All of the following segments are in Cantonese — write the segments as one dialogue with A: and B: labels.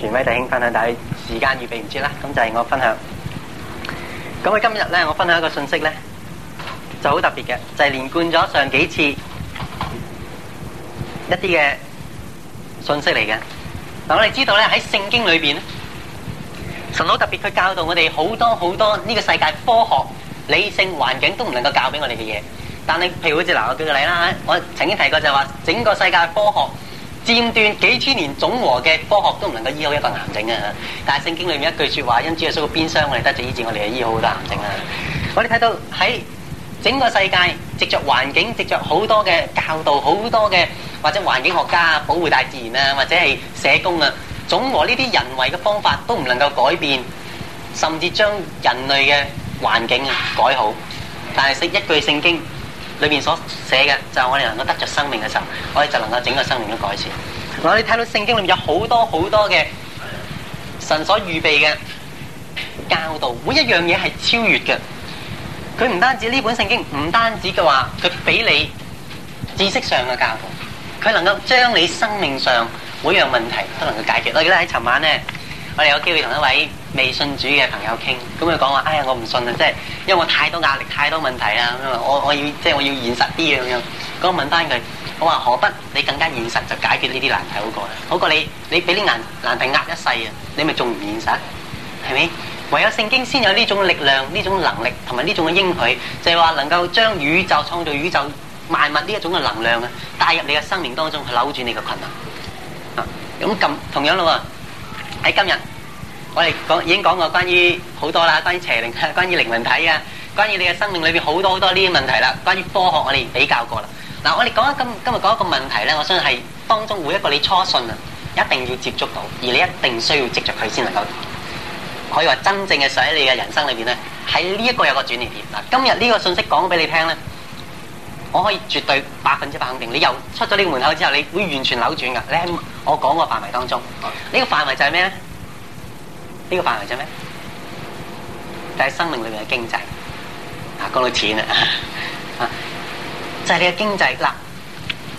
A: 權威弟兄分享，但係時間預備唔切啦，咁就係我分享。咁啊，今日咧，我分享一個信息咧，就好特別嘅，就係連貫咗上幾次一啲嘅信息嚟嘅。嗱，我哋知道咧，喺聖經裏邊，神好特別，佢教導我哋好多好多呢個世界科學理性環境都唔能夠教俾我哋嘅嘢。但係，譬如好似嗱，我舉個例啦，我曾經提過就係話，整個世界科學。戰斷幾千年總和嘅科學都唔能夠醫好一個癌症啊！但係聖經裏面一句說話，因主耶穌個鞭傷我哋得咗醫治，我哋嘅醫好好多癌症啊！我哋睇到喺整個世界，藉着環境，藉着好多嘅教導，好多嘅或者環境學家保護大自然啊，或者係社工啊，總和呢啲人為嘅方法都唔能夠改變，甚至將人類嘅環境改好，但係識一句聖經。裏面所寫嘅就係我哋能夠得着生命嘅時候，我哋就能夠整個生命都改善。我哋睇到聖經裏面有好多好多嘅神所預備嘅教導，每一樣嘢係超越嘅。佢唔單止呢本聖經，唔單止嘅話，佢俾你知識上嘅教導，佢能夠將你生命上每樣問題都能夠解決。我記得喺尋晚咧，我哋有機會同一位。未信主嘅朋友傾，咁佢講話：哎呀，我唔信啊！即係因為我太多壓力，太多問題啦。咁啊，我我要即係我要現實啲啊咁樣。咁我問翻佢，我話：何不你更加現實就解決呢啲難題好過啦？好過你你俾啲難難題壓一世啊？你咪仲唔現實？係咪？唯有聖經先有呢種力量、呢種能力同埋呢種嘅應許，就係話能夠將宇宙創造宇宙萬物呢一種嘅能量啊，帶入你嘅生命當中去扭轉你嘅困難啊。咁同同樣咯喎，喺今日。我哋講已經講過，關於好多啦，關於邪靈、關於靈魂體啊，關於你嘅生命裏邊好多好多呢啲問題啦。關於科學，我哋比較過啦。嗱，我哋講緊今今日講一個問題咧，我相信係當中每一個你初信啊，一定要接觸到，而你一定需要接觸佢先能夠可以話真正嘅想喺你嘅人生裏邊咧。喺呢一個有個轉捩點。嗱，今日呢個信息講俾你聽咧，我可以絕對百分之百肯定，你又出咗呢個門口之後，你會完全扭轉噶。你喺我講個範圍當中，呢個範圍就係咩咧？呢個範圍啫咩？就係生命裏邊嘅經濟，啊講到錢啊，就係、是、你嘅經濟啦。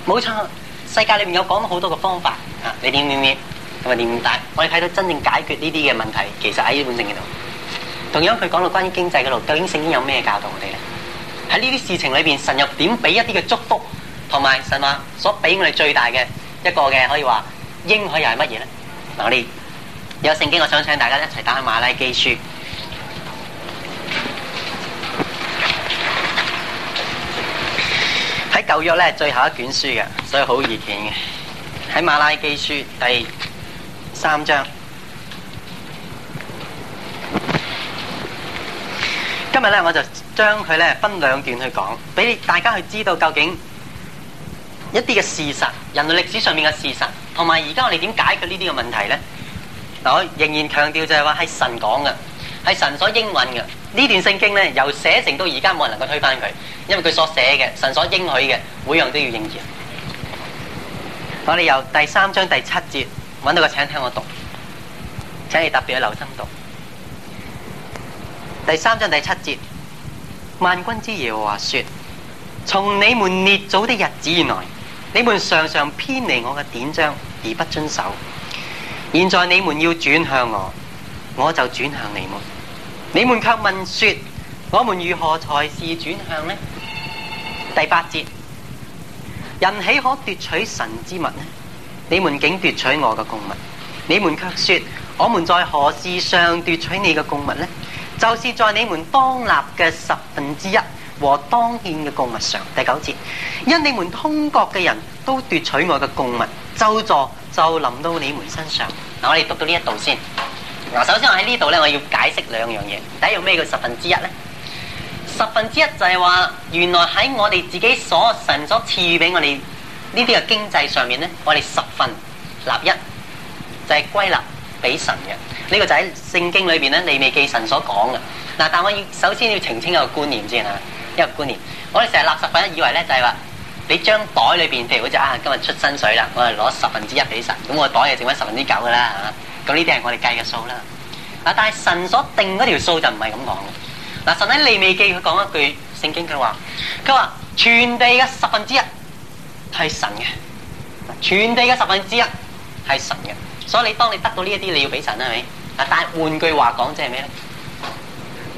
A: 冇、啊、錯，世界裏面有講咗好多嘅方法啊。你點點點同埋點點答，我哋睇到真正解決呢啲嘅問題，其實喺呢本聖經度。同樣佢講到關於經濟嗰度，究竟聖經有咩教導我哋咧？喺呢啲事情裏邊，神又點俾一啲嘅祝福同埋神話所俾我哋最大嘅一個嘅可以話應許又係乜嘢咧？嗱、啊、你。有聖經，我想請大家一齊打下《馬拉基書》。喺舊約咧，最後一卷書嘅，所以好易見嘅。喺《馬拉基書》第三章，今日咧我就將佢咧分兩段去講，俾大家去知道究竟一啲嘅事實，人類歷史上面嘅事實，同埋而家我哋點解決呢啲嘅問題咧？我仍然強調就係話係神講嘅，係神所應允嘅。段聖呢段聖經咧，由寫成到而家冇人能夠推翻佢，因為佢所寫嘅，神所應許嘅，每樣都要應驗。我哋由第三章第七節揾到個，請聽我讀，請你特別留心讀。第三章第七節，萬軍之耶和華說：從你們列祖的日子以來，你們常常偏離我嘅典章而不遵守。現在你們要轉向我，我就轉向你們。你們卻問說：我們如何才是轉向呢？第八節：人豈可奪取神之物呢？你們竟奪取我嘅供物。你們卻說：我們在何事上奪取你嘅供物呢？就是在你們當立嘅十分之一和當獻嘅供物上。第九節：因你們通國嘅人都奪取我嘅供物，就做。就臨到你們身上，嗱，我哋讀到呢一度先。嗱，首先我喺呢度咧，我要解釋兩樣嘢。第一，要咩叫十分之一咧？十分之一就係話，原來喺我哋自己所神所賜予俾我哋呢啲嘅經濟上面咧，我哋十份納一，就係歸納俾神嘅。呢個就喺聖經裏邊咧，你未記神所講嘅。嗱，但我要首先要澄清一個觀念先吓，一個觀念，我哋成日納十份一以為咧就係話。你將袋裏邊，譬如好似啊，今日出薪水啦，我係攞十分之一俾神，咁我袋就剩翻十分之九噶啦，係咁，呢啲係我哋計嘅數啦。啊，但係神所定嗰條數就唔係咁講，嗱，神喺利未記佢講一句聖經，佢話：佢話，全地嘅十分之一係神嘅，全地嘅十分之一係神嘅。所以你當你得到呢一啲，你要俾神係咪？啊，但係換句話講，即係咩咧？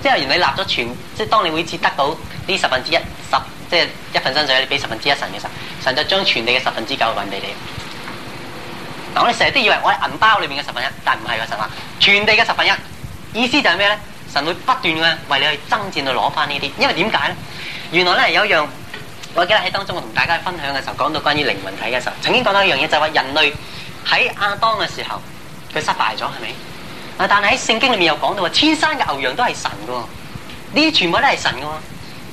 A: 即係，原來你立咗全，即係當你每次得到呢十分之一十。即係一份薪水，你俾十分之一神嘅神，神就將全地嘅十分之九搵俾你。嗱，我哋成日都以為我係銀包裏面嘅十分一，但唔係噶，神話全地嘅十分一。意思就係咩咧？神會不斷嘅為你爭去爭戰去攞翻呢啲。因為點解咧？原來咧有一樣，我記得喺當中我同大家分享嘅時候講到關於靈魂體嘅時候，曾經講到一樣嘢就係、是、話人類喺亞當嘅時候佢失敗咗，係咪？啊，但係喺聖經裏面又講到話，千山嘅牛羊都係神噶，呢啲全部都係神噶。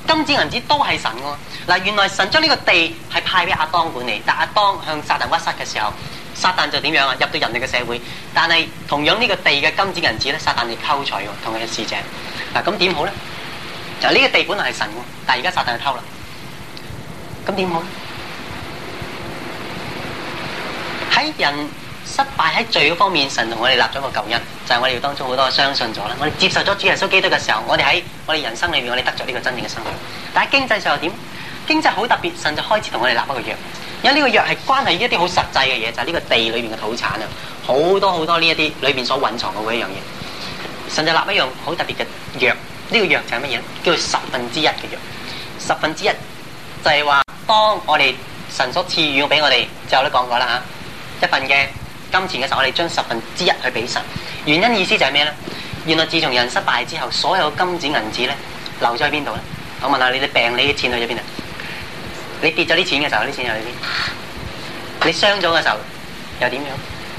A: 金子銀子都係神喎，哦，嗱，原來神將呢個地係派俾阿當管理，但阿當向撒旦屈膝嘅時候，撒旦就點樣啊？入到人類嘅社會，但係同樣呢個地嘅金子銀子咧，撒旦亦偷取喎，同佢嘅使者。嗱，咁點好咧？就、啊、呢、呢個地本來係神嘅，但而家撒旦偷啦，咁點好咧？喺人。失敗喺罪嗰方面，神同我哋立咗個救恩，就係、是、我哋當中好多的相信咗啦。我哋接受咗主耶穌基督嘅時候，我哋喺我哋人生裏面，我哋得咗呢個真正嘅生活。但係經濟上又點？經濟好特別，神就開始同我哋立一個約，因為呢個約係關係一啲好實際嘅嘢，就係、是、呢個地裏邊嘅土產啊，好多好多呢一啲裏邊所蘊藏嘅一樣嘢。神就立一樣好特別嘅約，呢、這個約就係乜嘢叫做十分之一嘅約。十分之一就係話，當我哋神所賜予俾我哋，就我都講過啦吓，一份嘅金錢嘅時候，我哋將十分之一去俾神，原因意思就係咩咧？原來自從人失敗之後，所有金子銀子咧，留咗喺邊度咧？我問下你哋，你病你啲錢去咗邊度？你跌咗啲錢嘅時候，啲錢又去邊？你傷咗嘅時候又點樣？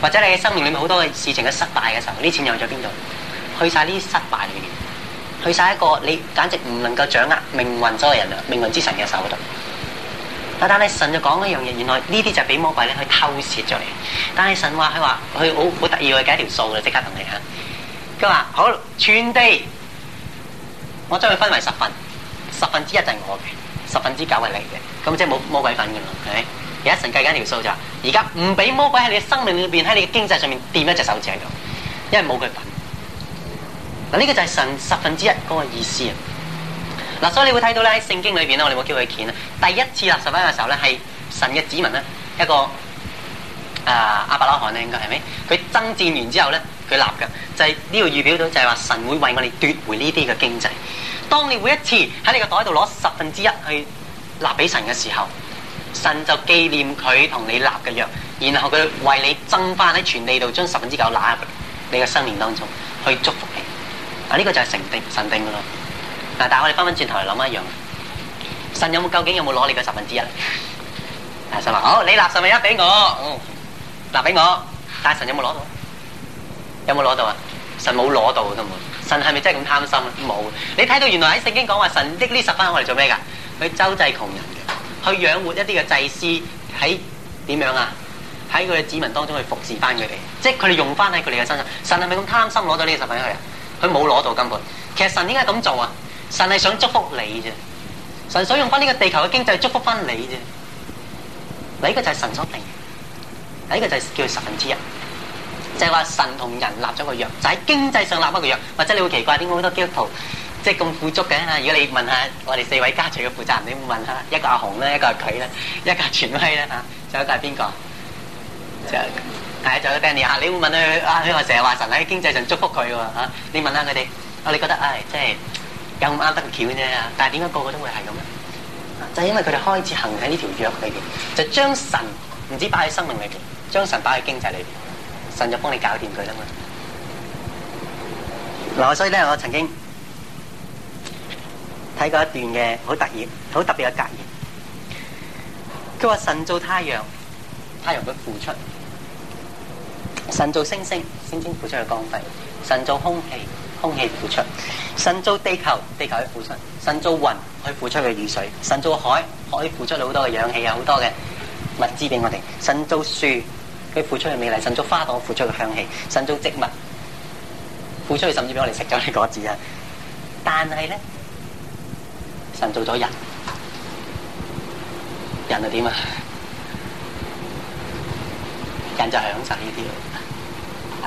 A: 或者你嘅生命裏面好多嘅事情嘅失敗嘅時候，呢錢又去咗邊度？去晒呢啲失敗裏面，去晒一個你簡直唔能夠掌握命運嘅人命運之神嘅手度。但係神就講一樣嘢，原來呢啲就係俾魔鬼咧去偷竊咗嚟。但係神話佢話佢好好得意，佢計一條數就即刻同你吓。佢話好全地，我將佢分為十份，十分之一就係我嘅，十分之九係你嘅，咁即係冇魔鬼份噶啦，係咪？而家神計緊一條數就話，而家唔俾魔鬼喺你嘅生命裏邊，喺你嘅經濟上面掂一隻手指喺度，因為冇佢份。嗱呢個就係神十分之一嗰個意思啊！嗱，所以你會睇到咧喺聖經裏邊咧，我哋冇叫佢鉗啊，第一次立十分嘅時候咧，係神嘅子民咧一個啊阿伯拉罕咧，應該係咩？佢征戰完之後咧，佢立嘅就係、是、呢個預表到就係話神會為我哋奪回呢啲嘅經濟。當你每一次喺你個袋度攞十分之一去立俾神嘅時候，神就紀念佢同你立嘅約，然後佢為你增翻喺全地度將十分之九拿入你嘅生命當中去祝福你。嗱，呢個就係成定神定噶啦。嗱，但係我哋翻翻轉頭嚟諗一樣，神有冇究竟有冇攞你嘅十分之一？大神話：好、哦，你納十分一俾我。嗯，嗱，俾我，大神有冇攞到？有冇攞到啊？神冇攞到根本。神係咪真係咁貪心？冇。你睇到原來喺聖經講話，神攞呢十分一我嚟做咩噶？去周濟窮人嘅，去養活一啲嘅祭司喺點樣啊？喺佢嘅子民當中去服侍翻佢哋，即係佢哋用翻喺佢哋嘅身上。神係咪咁貪心攞咗呢十分一去啊？佢冇攞到根本。其實神點解咁做啊？神係想祝福你啫，神想用翻呢個地球嘅經濟祝福翻你啫。第一個就係神所定，第一個就係叫十分之一，即係話神同人立咗個約，就喺經濟上立一個約。或者你會奇怪點解好多基督徒即係咁富足嘅？如果你問下我哋四位家財嘅負責人，你會問下一個阿紅咧，一個阿佢咧，一個阿權威咧嚇，仲有一個係邊個？就係仲有 Danny 啊！你會問佢啊？佢話成日話神喺經濟上祝福佢喎。你問下佢哋，我哋覺得唉，即係。就是有咁啱得巧啫，但係點解個個都會係咁咧？就因為佢哋開始行喺呢條約裏面，就將神唔止擺喺生命裏面，將神擺喺經濟裏面，神就幫你搞掂佢啦嘛。嗱，所以咧，我曾經睇過一段嘅好特別、好特別嘅格言。佢話：神造太陽，太陽佢付出；神造星星，星星付出嘅光輝；神造空氣。空氣付出，神造地球，地球去付出；神造雲可以付出嘅雨水，神造海可以付出好多嘅氧氣啊，好多嘅物資俾我哋。神造樹佢付出嘅美麗，神造花朵付出嘅香氣，神造植物付出嘅甚至俾我哋食咗啲果子啊。但係咧，神造咗人，人係點啊？人就享受呢啲。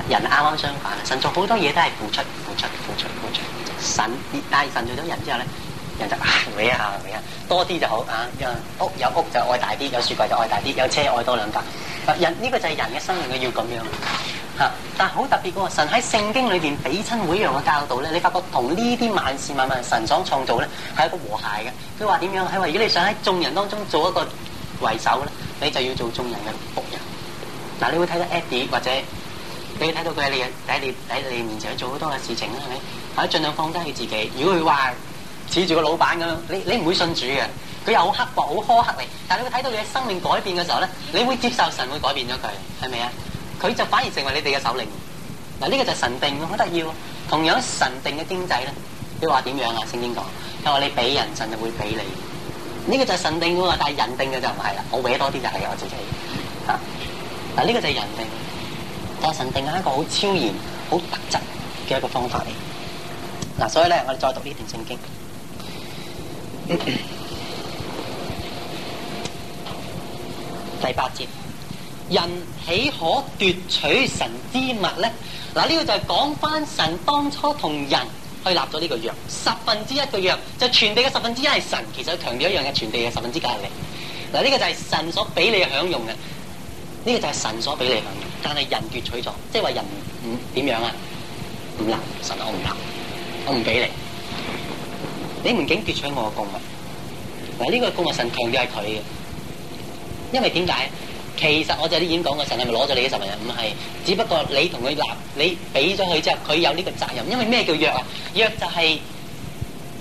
A: 人啱啱相反，神做好多嘢都係付出、付出、付出、付出，出，出。神，但係神做咗人之後咧，人就啊，俾下俾下，多啲就好啊。有屋有屋就愛大啲，有雪櫃就愛大啲，有車愛多兩架、啊。人呢、這個就係人嘅生命嘅要咁樣。啊、但係好特別喎，神喺聖經裏面俾親每一樣嘅教導咧，你發覺同呢啲萬事萬物神所創造咧係一個和諧嘅。佢話點樣？係話如果你想喺眾人當中做一個為首咧，你就要做眾人嘅僕人。嗱、啊，你會睇到 Adi 或者。你睇到佢喺你嘅你喺你面前做好多嘅事情啦，係咪？或者儘量放低佢自己。如果佢話似住個老闆咁樣，你你唔會信主嘅。佢又好刻薄，好苛刻你。但係你會睇到佢嘅生命改變嘅時候咧，你會接受神會改變咗佢，係咪啊？佢就反而成為你哋嘅首領。嗱，呢個就係神定好得意。同樣神定嘅經濟咧，你話點樣啊？聖經講，佢話你俾人，神就會俾你。呢、這個就係神定嘅喎，但係人定嘅就唔係啦。我搲多啲就係我自己嚇。嗱、啊，呢、這個就係人定。神定係一個好超然、好特質嘅一個方法嚟。嗱，所以咧，我哋再讀呢段聖經。嗯嗯、第八節，人豈可奪取神之物咧？嗱，呢、這個就係講翻神當初同人去立咗呢個約，十分之一個約，就傳遞嘅十分之一係神。其實強調一樣嘢，傳遞嘅十分之九係你。嗱，呢、這個就係神所俾你嘅享用嘅，呢、這個就係神所俾你嘅享用。但係人奪取咗，即係話人唔點樣啊？唔立，神，我唔立，我唔俾你。你們竟奪取我嘅供物，嗱，呢個供物神強調係佢嘅，因為點解？其實我就喺演講過，神係咪攞咗你嘅十分一？唔係，只不過你同佢立，你俾咗佢之後，佢有呢個責任。因為咩叫約啊？約就係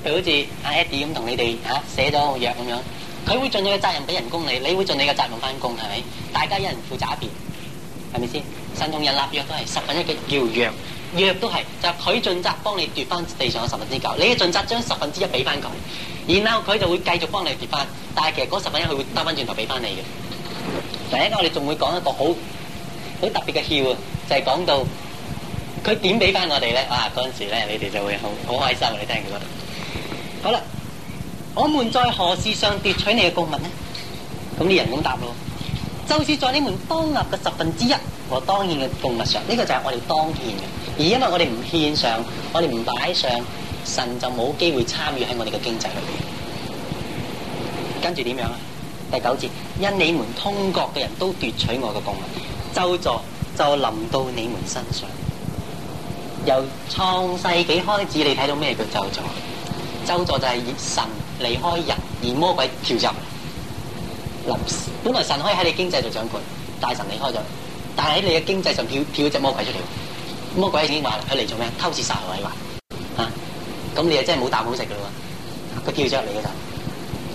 A: 譬如好似阿 Eddie 咁同你哋吓寫咗個約咁樣，佢會盡佢嘅責任俾人工你，你會盡你嘅責任翻工，係咪？大家一人負責一邊。係咪先？神同人立約都係十分一嘅邀約，約都係就係佢盡責幫你奪翻地上嘅十分之九，你嘅盡責將十分之一俾翻佢，然後佢就會繼續幫你奪翻。但係其實嗰十分一佢會兜翻轉頭俾翻你嘅。第一我哋仲會講一個好好特別嘅竅，就係講到佢點俾翻我哋咧。啊，嗰陣時咧，你哋就會好好開心。你聽唔聽到？好啦，我們在何事上奪取你嘅供物咧？咁啲人咁答咯。就是在你們當納嘅十分之一和當獻嘅供物上，呢、這個就係我哋當獻嘅。而因為我哋唔獻上，我哋唔擺上，神就冇機會參與喺我哋嘅經濟裏邊。跟住點樣啊？第九節，因你們通國嘅人都奪取我嘅供物，咒詛就臨到你們身上。由創世紀開始你看，你睇到咩叫咒詛？咒詛就係以神離開人，而魔鬼跳入。本來神可以喺你嘅經濟度掌管，但神離開咗，但係喺你嘅經濟上跳跳隻魔鬼出嚟，魔鬼已經話：，佢嚟做咩？偷竊殺位嘛，嚇！咁、啊、你又真係冇啖好食嘅咯，佢跳咗入嚟嘅時候，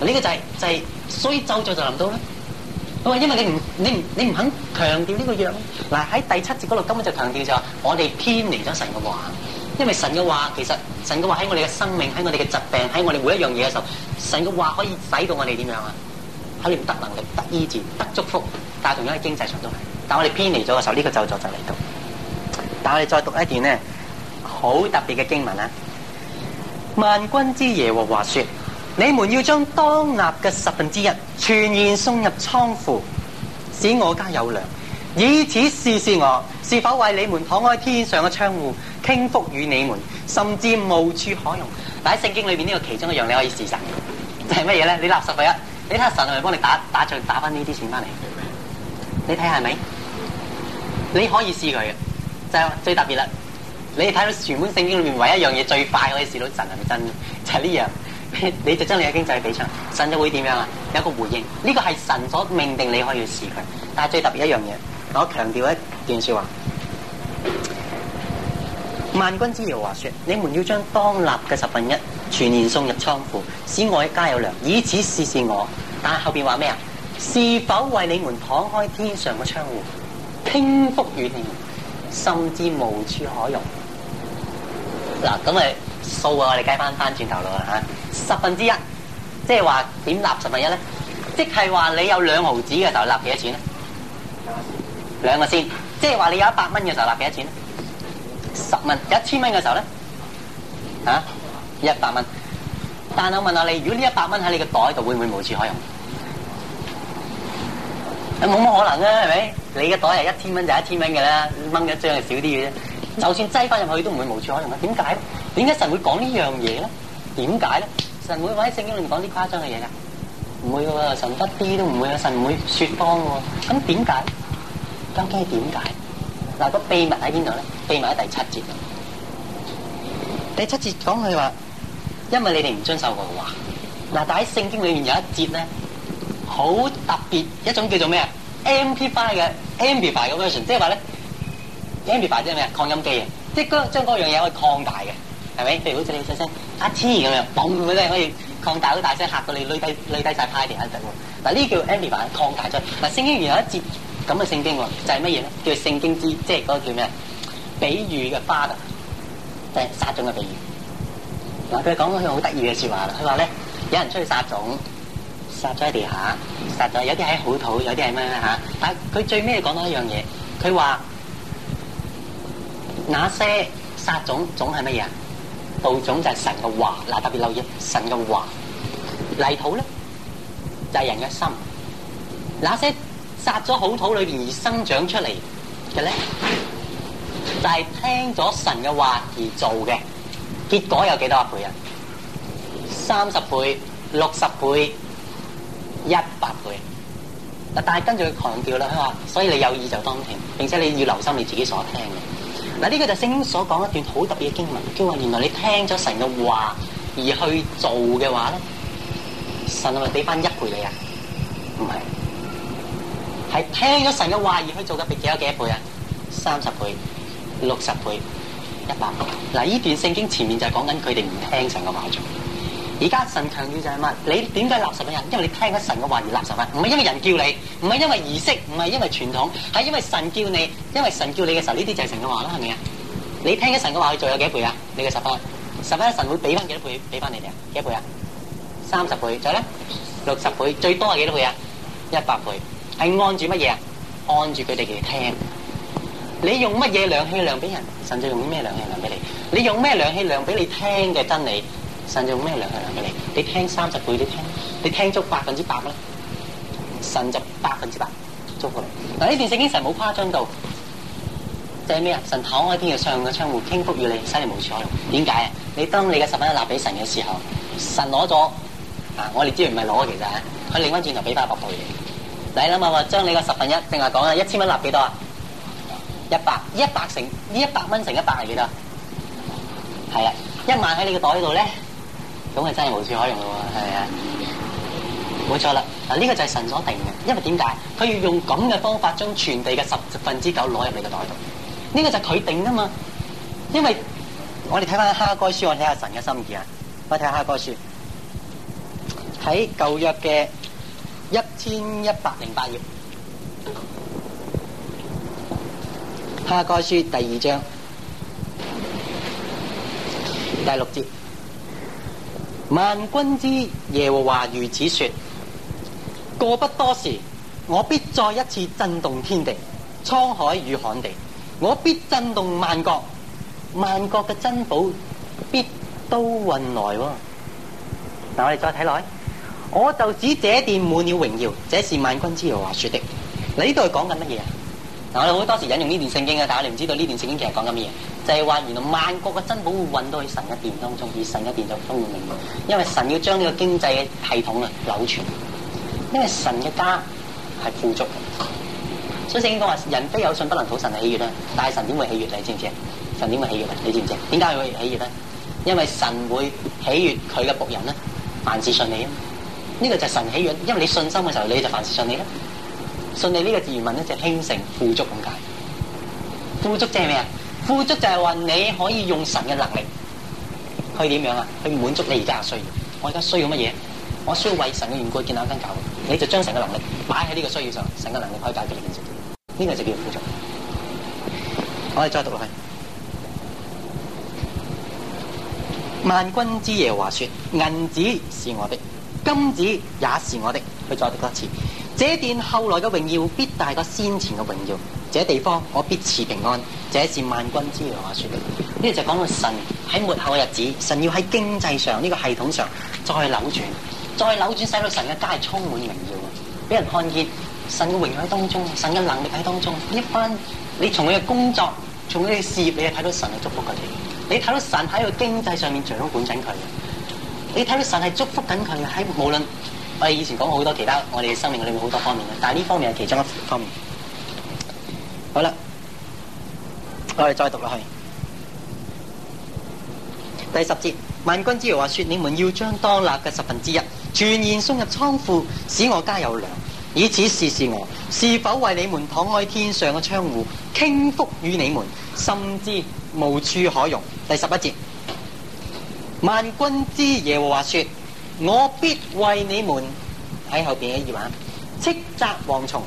A: 嗱、這、呢個就係、是、就係衰咒在就臨到啦，啊，因為你唔你唔你唔肯強調呢個約，嗱喺第七節嗰度根本就強調就話，我哋偏離咗神嘅話，因為神嘅話其實神嘅話喺我哋嘅生命喺我哋嘅疾病喺我哋每一樣嘢嘅時候，神嘅話可以使到我哋點樣啊？喺你唔得能力、唔得恩賜、唔得祝福，但係同樣喺經濟上都係。但係我哋偏離咗嘅時候，呢、呢個就座就嚟到。但係我哋再讀一段咧，好特別嘅經文啦。萬軍之耶和華說：你們要將當納嘅十分之一全然送入倉庫，使我家有糧，以此試試我是否為你們敞開天上嘅窗戶，傾覆與你們，甚至無處可容。但喺聖經裏邊呢個其中一樣你可以事實就係乜嘢咧？你納十分一。你睇下神係咪幫你打打仗打翻呢啲錢翻嚟？你睇下係咪？你可以試佢嘅，就係最特別啦。你睇到全本聖經裏面唯一一樣嘢最快可以試到神係咪真嘅，就係呢樣。你就將你嘅經濟俾出，神就會點樣啊？有一個回應，呢個係神所命定，你可以試佢。但係最特別一樣嘢，我強調一段說話。萬軍之言話說：說你們要將當納嘅十分一全然送入倉庫，使我一家有糧，以此試試我。但係後邊話咩啊？是否為你們敞開天上嘅窗戶，傾覆雨念，甚至無處可容？嗱，咁、嗯、啊，數啊，我哋計翻翻轉頭路吓，十分之一，即係話點納十分一咧？即係話你有兩毫子嘅時候納幾多錢咧？兩個先，即係話你有一百蚊嘅時候納幾多錢咧？十蚊，一千蚊嘅時候咧，吓一百蚊，但係我問下你，如果呢一百蚊喺你嘅袋度，會唔會無處可用？啊，冇乜可能啊，係咪？你嘅袋係一千蚊就一千蚊嘅啦，掹一張就少啲嘅啫。就算擠翻入去，都唔會無處可用啊？點解？點解神會講呢樣嘢咧？點解咧？神會喺聖經裏面講啲誇張嘅嘢噶？唔會嘅喎，神一啲都唔會啊，神唔會說謊喎。咁點解？究竟係點解？嗱，個秘密喺邊度咧？秘密喺第七節。第七節講佢話，因為你哋唔遵守我嘅話。嗱，但喺聖經裏面有一節咧，好特別一種叫做咩啊？Amplify 嘅 Amplify 嘅 version，即係話咧，Amplify 即係咩啊？擴音機啊！即係嗰將嗰樣嘢可以擴大嘅，係咪？譬如好似你細聲，黐咁樣，嘣佢咧可以擴大好大聲，嚇到你累低累低曬，趴地喺度。嗱，呢叫 Amplify 擴大咗。嗱，聖經裡有一節。咁嘅聖經喎，就係乜嘢咧？叫聖經之即係嗰個叫咩比喻嘅花啊，即係撒種嘅比喻。嗱，佢講咗句好得意嘅説話啦。佢話咧，有人出去撒種，撒咗喺地下，實在有啲喺好土，有啲係咩咧嚇？但係佢最尾講到一樣嘢，佢話那些撒種種係乜嘢啊？道種就係神嘅話。嗱，特別留意神嘅話。泥土咧就係、是、人嘅心。那些。殺咗好土裏邊而生長出嚟嘅咧，但係聽咗神嘅話而做嘅，結果有幾多倍啊？三十倍、六十倍、一百倍。嗱，但係跟住佢強調啦，佢話：，所以你有耳就當聽，並且你要留心你自己所聽嘅。嗱，呢個就聖經所講一段好特別嘅經文，叫話：原來你聽咗神嘅話而去做嘅話咧，神係咪俾翻一倍你啊？
B: 唔係。
A: 係聽咗神嘅話而去做嘅，倍幾有幾多倍啊？三十倍、六十倍、一百倍。嗱，呢段聖經前面就係講緊佢哋唔聽神嘅話做。而家神強調就係乜？你點解納十一嘅人？因為你聽咗神嘅話而納十一啊？唔係因為人叫你，唔係因為儀式，唔係因為傳統，係因為神叫你。因為神叫你嘅時候，呢啲就係神嘅話啦，係咪啊？你聽咗神嘅話去做有幾多倍啊？你嘅十分？十分一，神會俾翻幾多倍？俾翻你哋啊？幾多倍啊？三十倍，再咧六十倍，最多係幾多倍啊？一百倍。係按住乜嘢啊？按住佢哋嘅聽。你用乜嘢量氣量俾人？神就用咩量氣量俾你？你用咩量氣量俾你聽嘅真理？神就用咩量氣量俾你？你聽三十句你聽，你聽足百分之百啦。神就百分之百祝福你。嗱，呢段聖經神冇誇張到，就係咩啊？神躺喺天嘅上嘅窗戶，傾福與你，使你無處可用。點解啊？你當你嘅十分一納俾神嘅時候，神攞咗啊！我哋知唔係攞，其實佢擰翻轉頭俾翻一百倍。啊。想想將你諗下話將你個十分一，淨係講啦，一千蚊納幾多啊？一百，一百乘呢一百蚊乘一百係幾多？
B: 係啊，
A: 一萬喺你個袋度咧，咁係真係無處可容咯，係啊，冇錯啦。嗱，呢個就係神所定嘅，因為點解？佢要用咁嘅方法將全地嘅十分之九攞入你個袋度，呢、這個就係佢定啊嘛。因為我哋睇翻哈該書，我睇下神嘅心意啊。我睇下哈該書喺舊約嘅。一千一百零八頁，哈該書第二章第六節，萬軍之耶和華如此說：過不多時，我必再一次震動天地、滄海與旱地，我必震動萬國，萬國嘅珍寶必都運來。嗱，我哋再睇落去。我就指這殿滿了榮耀，這是萬軍之王話説的。你呢度係講緊乜嘢啊？嗱，我哋好多時候引用呢段聖經嘅，但係我哋唔知道呢段聖經其實講緊乜嘢，就係、是、話原來萬國嘅珍寶會運到去神嘅殿當中，而神嘅殿就充滿榮耀，因為神要將呢個經濟嘅系統啊，扭轉。因為神嘅家係富足的，所以聖經講話人非有信不能討神嘅喜悦啦。但係神點會喜悦你知唔知道？神點會喜悦你知唔知道？點解會喜悦咧？因為神會喜悦佢嘅僕人咧，萬事順利。啊。呢個就係神喜悦，因為你信心嘅時候你就凡事順利啦。順利呢個字原文咧就興盛富足咁解。富足即係咩啊？富足就係話你可以用神嘅能力，去以點樣啊？去滿足你而家嘅需要。我而家需要乜嘢？我需要為神嘅緣故建立一間教會。你就將成個能力擺喺呢個需要上，成個能力可以解到完成。呢、這個就叫富足。我哋再讀落去。萬軍之耶和華說：銀子是我的。金子也是我的，去再讀多次。這段後來嘅榮耀必大過先前嘅榮耀，這地方我必賜平安。這是萬軍之王話說嘅。呢就講到神喺末後嘅日子，神要喺經濟上呢個系統上再扭轉，再扭轉，使到神嘅家係充滿榮耀，俾人看見神嘅榮耀喺當中，神嘅能力喺當中。一番你從佢嘅工作，從佢嘅事業，你又睇到神係祝福佢哋，你睇到神喺個經濟上面掌管緊佢。你睇到神係祝福緊佢嘅，喺無論我哋以前講過好多其他我哋生命裏面好多方面嘅，但係呢方面係其中一方面。好啦，我哋再讀落去。第十節，萬軍之言話說：你們要將當納嘅十分之一全然送入倉庫，使我家有糧，以此試試我是否為你們敞開天上嘅窗戶，傾福於你們，甚至無處可容。第十一節。萬軍之耶和華說：我必為你們喺後邊嘅夜晚斥責蝗蟲，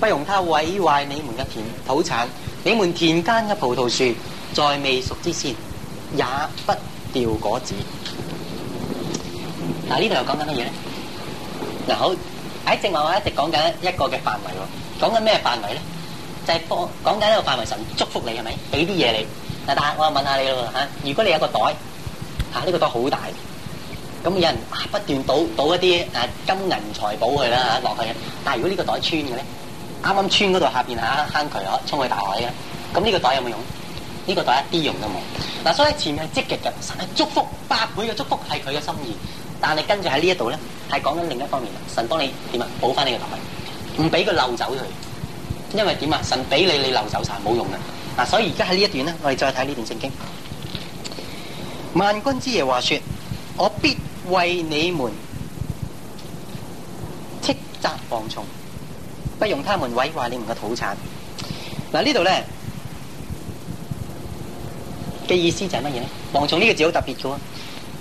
A: 不容他毀壞你們嘅田土產。你們田間嘅葡萄樹在未熟之前，也不掉果子。嗱，呢度又講緊乜嘢咧？嗱，好，喺正話我一直講緊一個嘅範圍喎，講緊咩範圍咧？就係講講緊一個範圍，神祝福你係咪？俾啲嘢你嗱，但係我又問下你啦吓，如果你有個袋。吓，呢個袋好大，咁有人不斷倒倒一啲誒金銀財寶去啦，吓落去。但係如果呢個袋穿嘅，咧，啱啱穿嗰度下邊吓坑渠咗，沖去大海嘅，咁呢個袋有冇用？呢個袋一啲用都冇。嗱，所以前面係積極嘅，神係祝福，百倍嘅祝福係佢嘅心意。但係跟住喺呢一度咧，係講緊另一方面。神幫你點啊？補翻呢個袋，唔俾佢漏走佢。因為點啊？神俾你，你漏走晒，冇用嘅。嗱，所以而家喺呢一段咧，我哋再睇呢段聖經。萬軍之耶和華說：我必為你們斥責蝗蟲，不容他們毀壞你們嘅土產。嗱、啊，這裡呢度咧嘅意思就係乜嘢咧？蝗蟲呢個字好特別嘅喎，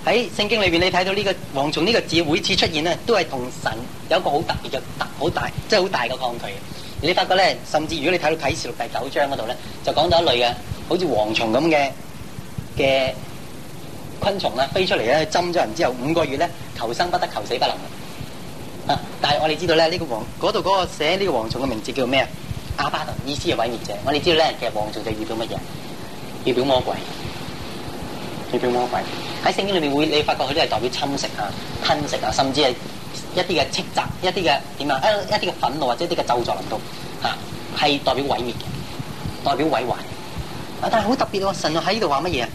A: 喺聖經裏邊你睇到呢、這個蝗蟲呢個字每次出現咧，都係同神有一個好特別嘅特好大，即係好大嘅抗拒。你發覺咧，甚至如果你睇到啟示錄第九章嗰度咧，就講到一類嘅，好似蝗蟲咁嘅嘅。昆蟲啊，飛出嚟咧，針咗人之後五個月咧，求生不得，求死不能。啊！但係我哋知道咧，呢、這個黃嗰度嗰個寫呢個蝗蟲嘅名字叫咩？阿巴特，意思係毀滅者。我哋知道咧，其實蝗蟲就代表乜嘢？代表魔鬼，代表魔鬼。喺聖經裏面會你會發覺佢都係代表侵蝕啊、吞食啊，甚至係一啲嘅斥責、一啲嘅點啊、一憤、啲嘅憤怒或者一啲嘅咒詛臨到。吓、啊，係代表毀滅，代表毀壞。啊，但係好特別喎、哦，神喺呢度話乜嘢？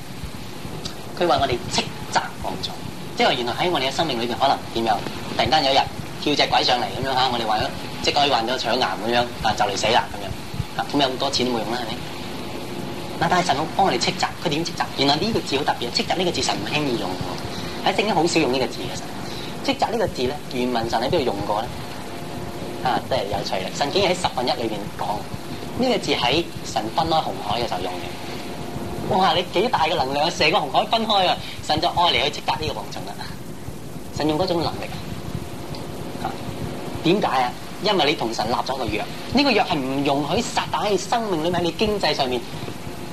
A: 佢話，他說我哋斥責蝗蟲，即係原來喺我哋嘅生命裏邊，可能點樣？突然間有一日，跳隻鬼上嚟咁樣吓，我哋患咗，即係我哋患咗腸癌咁樣，啊就嚟死啦咁樣，啊咁有咁多錢都冇用啦，係咪？那但係神公幫我哋斥責，佢點斥責？原來呢個字好特別，斥責呢個字神唔輕易用嘅，喺聖經好少用呢個字嘅。神。斥責呢個字咧，原文神喺邊度用過咧？啊，真係有趣啦！神經喺十分一裏邊講，呢，這個字喺神分開紅海嘅時候用嘅。哇！你幾大嘅能量啊，成個紅海分開啊，神就愛嚟去斥責呢個蝗蟲啦，神用嗰種能力啊，點解啊？因為你同神立咗個約，呢個約係唔容許撒旦喺生命裏面喺你經濟上面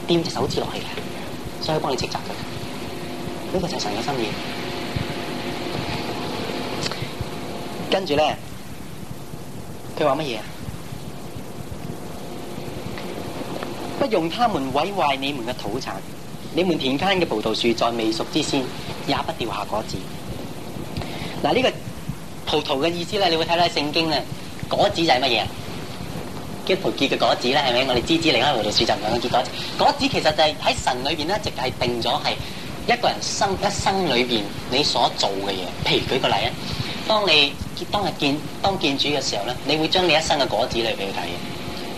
A: 掂隻手指落去嘅，所以幫你斥責佢，呢個就係神嘅心意。跟住咧，佢話乜嘢？用他們毀壞你們嘅土產，你們田間嘅葡萄樹在未熟之先，也不掉下果子。嗱，呢個葡萄嘅意思咧，你會睇到喺聖經啊，果子就係乜嘢？叫結嘅果子啦，係咪？我哋枝子離開葡萄樹就唔能夠結果子。果子其實就係喺神裏邊咧，直係定咗係一個人生一生裏邊你所做嘅嘢。譬如舉個例啊，當你當日見當見主嘅時候咧，你會將你一生嘅果子嚟俾佢睇嘅。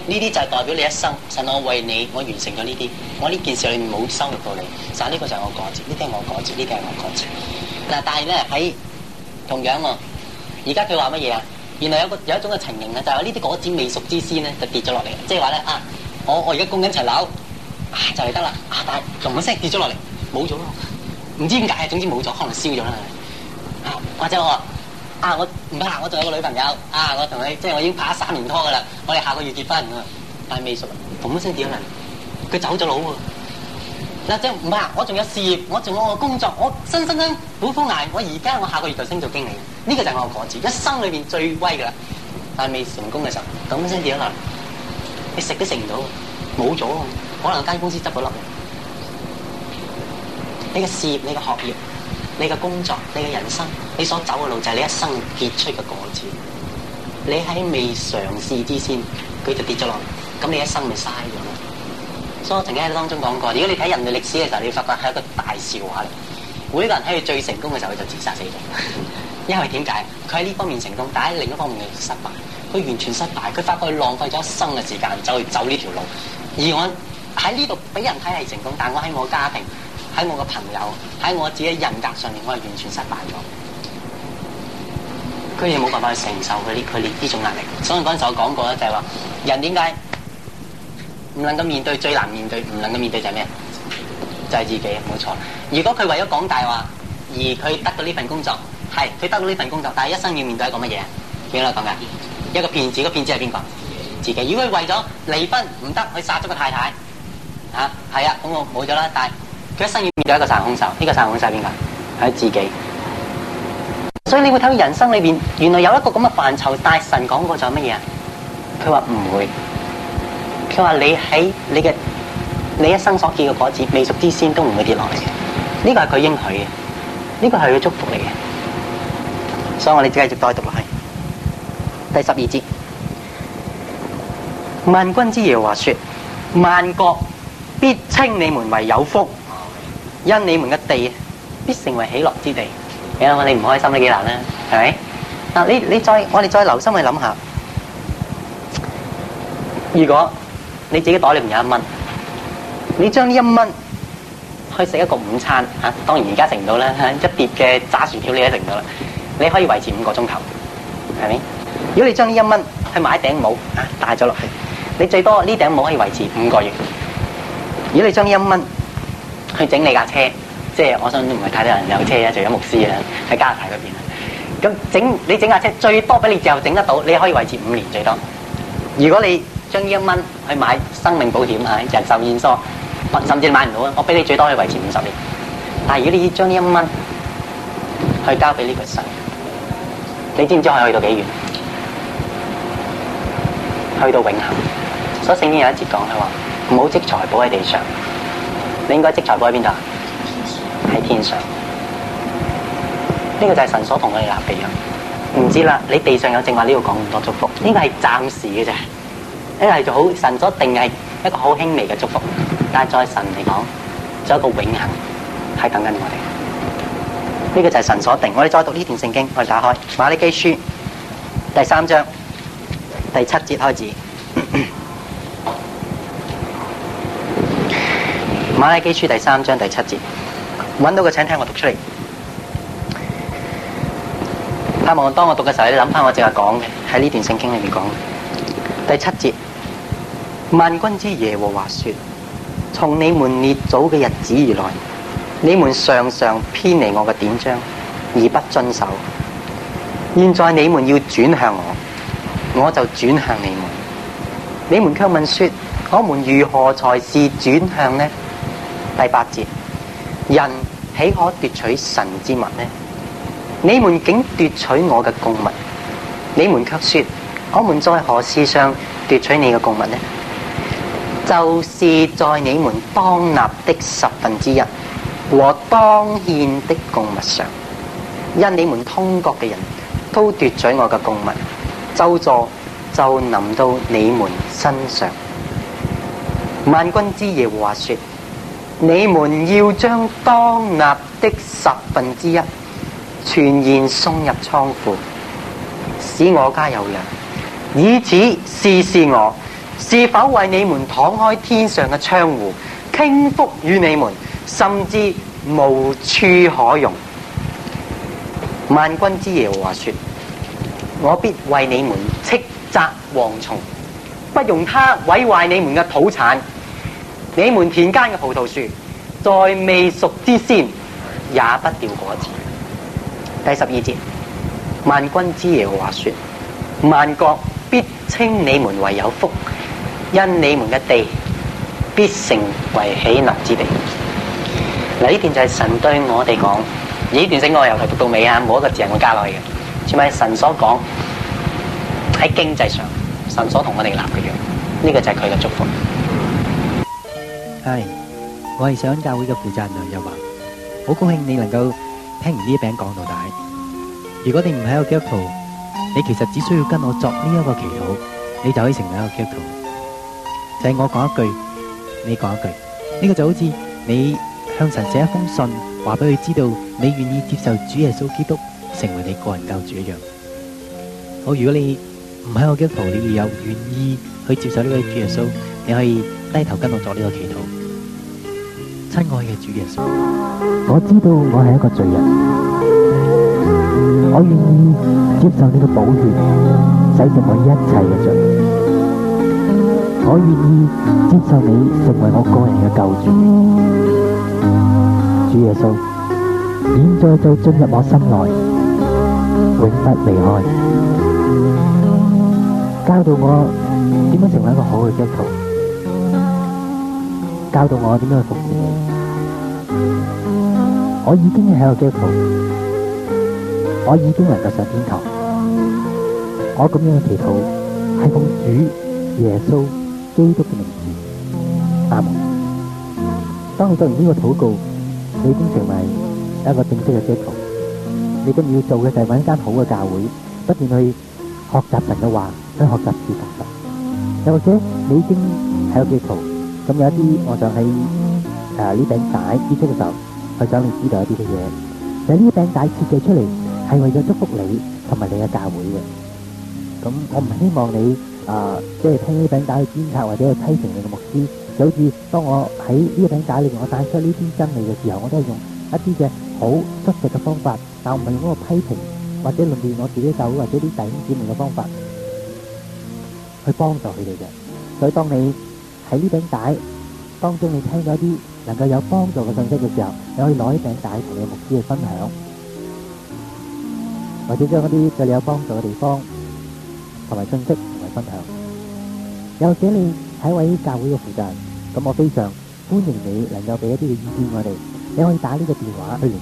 A: 呢啲就係代表你一生，神我為你，我完成咗呢啲，我呢件事裏冇收入到你，但呢個就係我果子，呢啲係我果子，呢啲係我果子。嗱，但係咧喺同樣喎、啊，而家佢話乜嘢啊？原來有個有一種嘅情形啊，就係話呢啲果子未熟之先咧，就跌咗落嚟。即係話咧啊，我我而家供緊層樓，就嚟得啦，但係噉一聲跌咗落嚟，冇咗咯，唔知點解啊？總之冇咗，可能燒咗啦。啊、或者我啊！我唔怕，我仲有個女朋友。啊！我同佢即係我已經拍咗三年拖噶啦，我哋下個月結婚，但係未熟。咁先點啊？佢走咗佬喎。嗱，即係唔怕，我仲有事業，我仲有我個工作，我辛辛苦苦捱，我而家我下個月就升做經理。呢、這個就係我個果子，一生裏邊最威噶啦。但係未成功嘅時候，咁先點啊？你食都食唔到，冇咗，可能間公司執咗笠。你嘅事業，你嘅學業。你嘅工作、你嘅人生、你所走嘅路，就係你一生結出嘅果子。你喺未嘗試之前，佢就跌咗落嚟，咁你一生咪嘥咗咯。所以我曾經喺當中講過，如果你睇人類歷史嘅時候，你會發覺係一個大笑話啦。每一個人喺佢最成功嘅時候，佢就自殺死咗， 因為點解？佢喺呢方面成功，但喺另一方面嘅失敗，佢完全失敗，佢發覺佢浪費咗一生嘅時間就走去走呢條路。而我喺呢度俾人睇係成功，但我喺我家庭。喺我個朋友，喺我自己人格上面，我係完全失敗咗。佢哋冇辦法去承受佢啲佢呢種壓力，所以嗰陣時我講過咧，就係話人點解唔能夠面對最難面對唔能夠面對就係咩？就係自己，冇錯。如果佢為咗講大話而佢得到呢份工作，係佢得到呢份工作，但係一生要面對一個乜嘢？點解我講嘅一個騙子？個騙子係邊個？自己。如果佢為咗離婚唔得，去殺咗個太太啊，係啊，咁我冇咗啦，但係。佢一生要變咗一個殺人兇手，呢個殺人兇手係邊個？係自己。所以你會睇到人生裏邊，原來有一個咁嘅範疇。大神講過就係乜嘢？佢話唔會。佢話你喺你嘅你一生所結嘅果子未熟之先都唔會跌落嚟。呢個係佢應許嘅，呢個係佢祝福嚟嘅。所以我哋繼續再讀落去，第十二節。萬軍之耶和華說：萬國必稱你們為有福。因你們嘅地必成為喜樂之地，你諗下你唔開心都幾難啦，係咪？嗱，你你再我哋再留心去諗下，如果你自己袋裏邊有一蚊，你將呢一蚊去食一個午餐嚇，當然而家食唔到啦，一碟嘅炸薯條你都食唔到啦，你可以維持五個鐘頭，係咪？如果你將呢一蚊去買頂帽嚇，戴咗落去，你最多呢頂帽可以維持五個月。如果你將呢一蚊，去整你架車，即係我相信都唔係太多人有車啦，除咗牧師啦，喺、嗯、加拿大嗰邊。咁整你整架車最多俾你自由整得到，你可以維持五年最多。如果你將呢一蚊去買生命保險人壽險疏，甚至買唔到啊，我俾你最多可以維持五十年。但係如果你將呢一蚊去交俾呢個神，你知唔知可以去到幾遠？去到永恆。所以聖經有一節講佢話：唔好積財寶喺地上。你應該積財寶喺邊度啊？喺天上，呢個就係神所同我哋合璧啦。唔知啦，你地上有正話呢度講咁多祝福，呢個係暫時嘅啫。呢個係神所定係一個好輕微嘅祝福，但是在神嚟講，做一個永恆係等緊我哋。呢個就係神所定。我哋再讀這段聖經，我哋打開馬利基書第三章第七節開始。《馬拉基書》第三章第七節，搵到嘅請聽我讀出嚟。盼望當我讀嘅時候，你諗返我正話講嘅喺呢段聖經裏面講。第七節。萬君之耶和華說：「從你們列祖嘅日子以來，你們常常偏離我嘅典章而不遵守。現在你們要轉向我，我就轉向你們。你們卻問說：我們如何才是轉向呢？第八節，人豈可奪取神之物呢？你們竟奪取我嘅供物，你們卻說：我們在何事上奪取你嘅供物呢？就是在你們當納的十分之一和當獻的供物上，因你們通國嘅人都奪取我嘅供物，咒詛就臨到你們身上。萬軍之耶和華說你們要將當納的十分之一全然送入倉庫，使我家有人，以此試試我是否為你們敞開天上嘅窗戶，傾福與你們，甚至無處可容。萬軍之耶和華說：我必為你們斥責蝗蟲，不容它毀壞你們嘅土產。你們田間嘅葡萄樹，在未熟之先，也不掉果子。第十二節，萬軍之耶和華說：萬國必稱你們為有福，因你們嘅地必成為喜樂之地。嗱，呢段就係神對我哋講，而呢段聖經我由頭讀到尾啊，冇一個字係我加落去嘅。全係神所講喺經濟上，神所同我哋立嘅約，呢、這個就係佢嘅祝福。
B: 我係上教會嘅負責人又話，好高興你能夠聽完呢一篇講道。如果你唔喺個基督徒，你其實只需要跟我作呢一個祈禱，你就可以成為一個基督徒。就係、是，我講一句，你講一句，呢、這個就好似你向神寫一封信，話俾佢知道你願意接受主耶穌基督成為你個人救主一樣。好，如果你唔喺個基督徒，你亦有願意去接受呢個主耶穌，你可以低頭跟我作呢個祈禱。親愛的主耶穌，我知道我係一個罪人，我願意接受你嘅寶血，洗淨我一切嘅罪。我願意接受你成為我個人嘅救主，主，主耶穌，現在就進入我心內，永不離開，教導我點樣成為一個好嘅基督徒，教導我點樣去服侍。我已經係個基督徒，我已經能夠上天堂，我咁樣嘅祈禱係奉主耶穌基督嘅名字，阿門。當你做完呢個禱告，你已經成為一個正式嘅基督徒。你今日要做嘅就係揾間好嘅教會，不斷去學習神嘅話，去學習事實。又或者你已經係個基督徒，咁有一啲，我就喺誒呢頂大支出嘅時候。佢想你知道一啲嘅嘢，就呢啲餅帶設計出嚟係為咗祝福你同埋你嘅教會嘅。咁我唔希望你啊、呃，即係聽呢餅帶去鞭策或者去批評你嘅牧師。就好似當我喺呢餅帶裏面我帶出呢啲真理嘅時候，我都係用一啲嘅好真實嘅方法，但唔係用嗰個批評或者諷刺我自己教會或者啲弟兄姊妹嘅方法去幫助佢哋嘅。所以當你喺呢餅帶當中你聽咗一啲。能夠有幫助嘅信息嘅時候，你可以攞啲餅仔同你牧師去分享，或者將一啲對你有幫助嘅地方同埋信息同埋分享。又者你係一位教會嘅負責人，咁我非常歡迎你能夠俾一啲嘅意見我哋。你可以打呢個電話去聯絡。